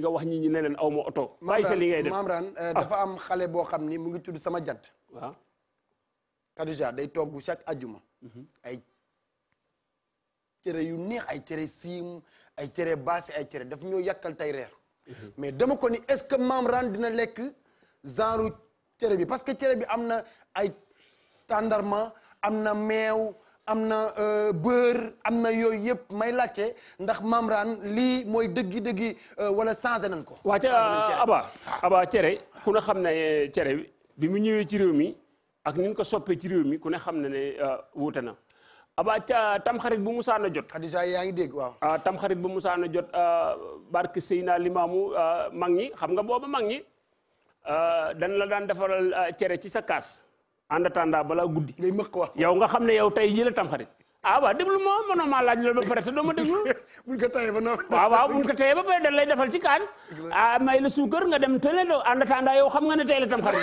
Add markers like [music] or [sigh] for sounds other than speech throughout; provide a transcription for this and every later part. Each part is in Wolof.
nga wax ñi ñi ne leen aw ma oto. bàyyi sa li ngay def Mamran eh, ah. dafa am xale boo xam ni mu ngi tudd sama jant. waaw. Khadija day togg chaque ajuma. Mhm. ay cere yu neex ay cere siim ay cere baasi ay cere daf ñoo yàkkal tey reer. Mhm. mais dama ko ni est-ce que Mamran dina lekk genre cere bi parce que cere bi am na ay tàndarma am na meew. am na euh, beurre am na yooyu yëpp may laajte ndax Mamran lii mooy dëggi-dëggi euh, wala changé nañ ko waa ca aba aba ah. cere ku ne xam ne euh, cere bi mu ñëwee ci réew mi ak ni ko soppee ci réew mi ku ne xam ne ne wuute na aba tamxarit bu musaana jot Xadija yaa ngi dégg waaw ah tamxarit bu musaana jot bark barke Seydina Limaamu mag ñi xam nga booba mag ñi dan la daan defaral cere ci sa kaas en attendant balaa guddi. ngay nga xam ne yow tey jii la tamxarit. ah waaw déglu ma mënoo maa laaj loolu ba pare te doo ma déglu. [laughs] buñ ko defal ci kaan. ah may la suukar nga dem tële do en attendant xam nga ne tey la tamxarit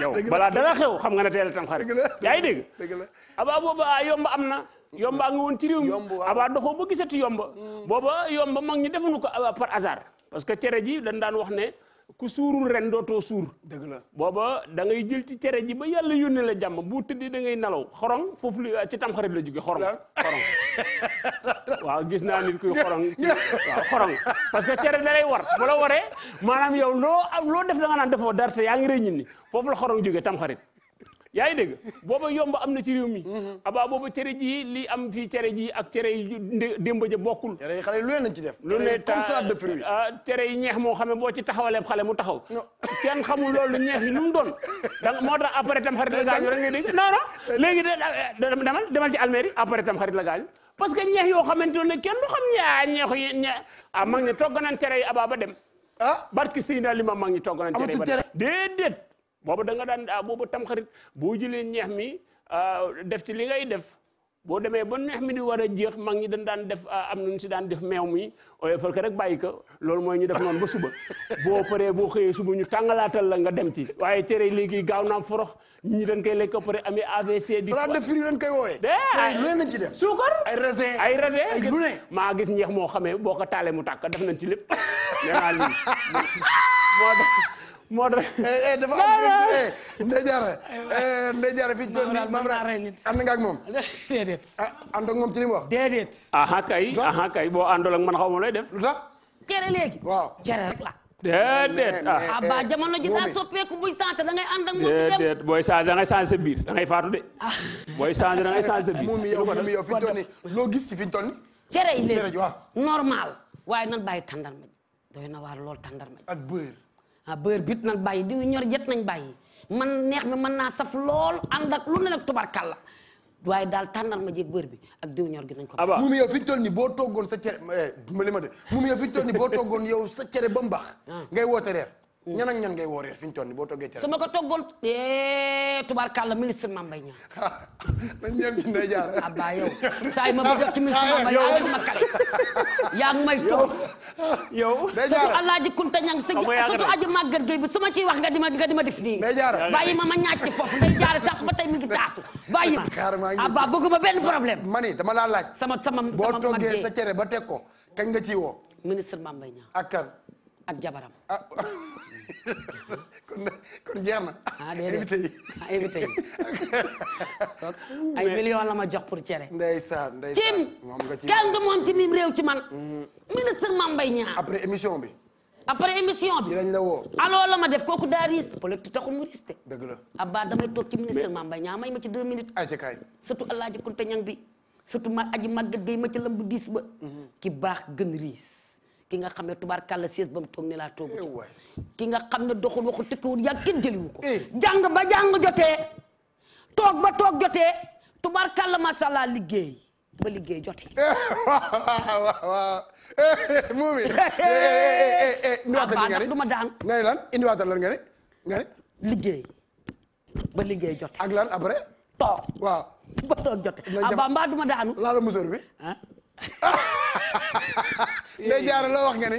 yow. [laughs] yow balaa dara xew xam nga ne tey la tamxarit. dëgg la yaa ngi dégg. dëgg la abaa booba yomb am na. yomba a nga woon ci réew mi abaa doxoo ba gisati yomba. Mm. booba yomba mag ñi defuñu ko par hasard. parce que cere ji dañ daan wax ne ku suuru ren dootoo suur. dëgg la booba da ngay jël ci cere ji ba yàlla yónnee la jàmm bu tëddee da ngay nalaw xorong foofu la ci tam xarit la jóge xorong. xorong [laughs] waaw gis naa nit kuy xorong. [laughs] waaw xorong parce que cere da lay war bu la waree maanaam yow loo loo def na nga naan defoo dara te yaa ngi rëy ñun ni foofu la xorong jógee tam yaa ngi dégg booba yomb am na ci réew mi. abaa booba cere ji li am fii cere ji ak cere yi démb ja bokkul. cere yi xale yi lu leen ci def. lu ne ah, cere yi ñeex moo xam ne boo ci taxawalee xale mu taxaw. kenn xamu loolu ñeex yi nu mu doon. moo tax après tam xarit la gaañu rek nga dégg non non léegi de demal demal ci almeri après tam xarit la gaañu. parce que ñeex yoo xamante ne kenn du xam ñaa ñeexu yi naa ah mag ñi togg nañ cere yi abaa ba dem. ah barki Seydina Limam mag ñi togg nañ cere yi ba boobu da nga daan ah boobu tamxarit boo jëlee ñeex mi ah, def ci li ngay def boo demee ba ñeex mi ni war a jeex mag ñi dañ daan def ah, am ñu si daan def meew mi fal ko rek bàyyi ko loolu mooy ñu def noonu ba suba [laughs] boo paree boo xëyee suba ñu tàngalaatal la nga dem ci waaye tere léegi gaaw naa forox ñi ñu dañ koy lekk ba pare amee AVC. di salade de fruits dañ koy woowee. tey lu ci def suukar ay raisin ay raisin maa gis ñeex moo xamee boo ko taalee mu tàkk def nañ ci lépp [laughs] nee naa lii [laughs] moo tax eh, eh, dafa am eh, Ndeye Diarra Ndeye Diarra fii tool bi maam rek ànd nga ak moom. déedéet. ah ànd ak moom ci li mu wax. déedéet. aha kay aha kay boo àndoon ak man xaw ma lay def. lu tax. cere léegi. waaw cere rek la. déedéet ah ba jamono ji daa soppeeku buy changé da ngay ànd ak moom déedéet booy changé da ngay changé sa biir da ngay faatu de. Ah. booy changé da ngay changé sa biir. moom yow moom yow fi ñu toll nii loo gis ci fi ñu toll nii. cere yi léegi normal waaye nan bàyyi tàndarma ji doy na waar lool tàndarma ji ak beurre ah beurre but nañ bàyyi diw ñor jet nañ bàyyi man neex mi mën naa saf lool ànd ak lu ne nag kàlla waaye daal tànnar ma jéeg bër bi ak diw ñor gi nañ ko. abaa mu yow fi ñu toll nii boo toggoon sa cere dimbali eh, ma de mu yow fi ñu toll nii boo toggoon yow sa cere ba mbax ah. ngay woote reer. ñan ak ñan ngay woo reer fi ñu nii boo toggee cere. su ma ko toggoon eh, tubaarkàlla ministre Mame Mbaye Niang. [laughs] nañ ñëw ci ndey yow saa yi ma bëgg a ci ministre ndey jaar bi su ciy wax nga di ma nga di ma def nii. ndey jaar bàyyi ma ma ñàcc foofu ndey jaar sax ba tey mi ngi taasu. bàyyi ma abaa bëgguma benn problème. mani dama laa laaj. sama sama sama boo toggee sa cere ba teg ko kañ nga ciy woo. ministre Mame Mbaye Niang ak jabaram. ah [laughs] kon kon jeex na. ah déedéet invité yi ah invité yi. [laughs] ay millions la ma jox pour cere. ndeysaan ndeysaan moom nga ci kenn du ci man. Mm-hmm. ministre Mame Mbaye après émission bi. après la la ma def kooku daa riis. politique taxul mu riis de. dëgg la Abba damay toog ci ministre Mame Mbaye Niang may ci deux minutes. ay ci kaay surtout El Hadj Kounta bi surtout ma aji màggat gay ma ci lambu diis ba. Mm-hmm. ki baax gën riis. ki nga xam ne tubaarkàlla siis ba mu toog ne laa toogu eh ki nga xam ne doxul waxul tëkkiwul yàgg kenn jëliwu ko eh. jàng ba jàng jotee toog ba toog jotee tubaarkàlla liggéey ba liggéey jotee eh, waaw waaw muumi ma daan liggéey ba liggéey jotee ak lan après toog ba toog jotee abaa mbaa du ma daanu laala musóor bi [laughs] Ndeye Diarra loo wax nga ne.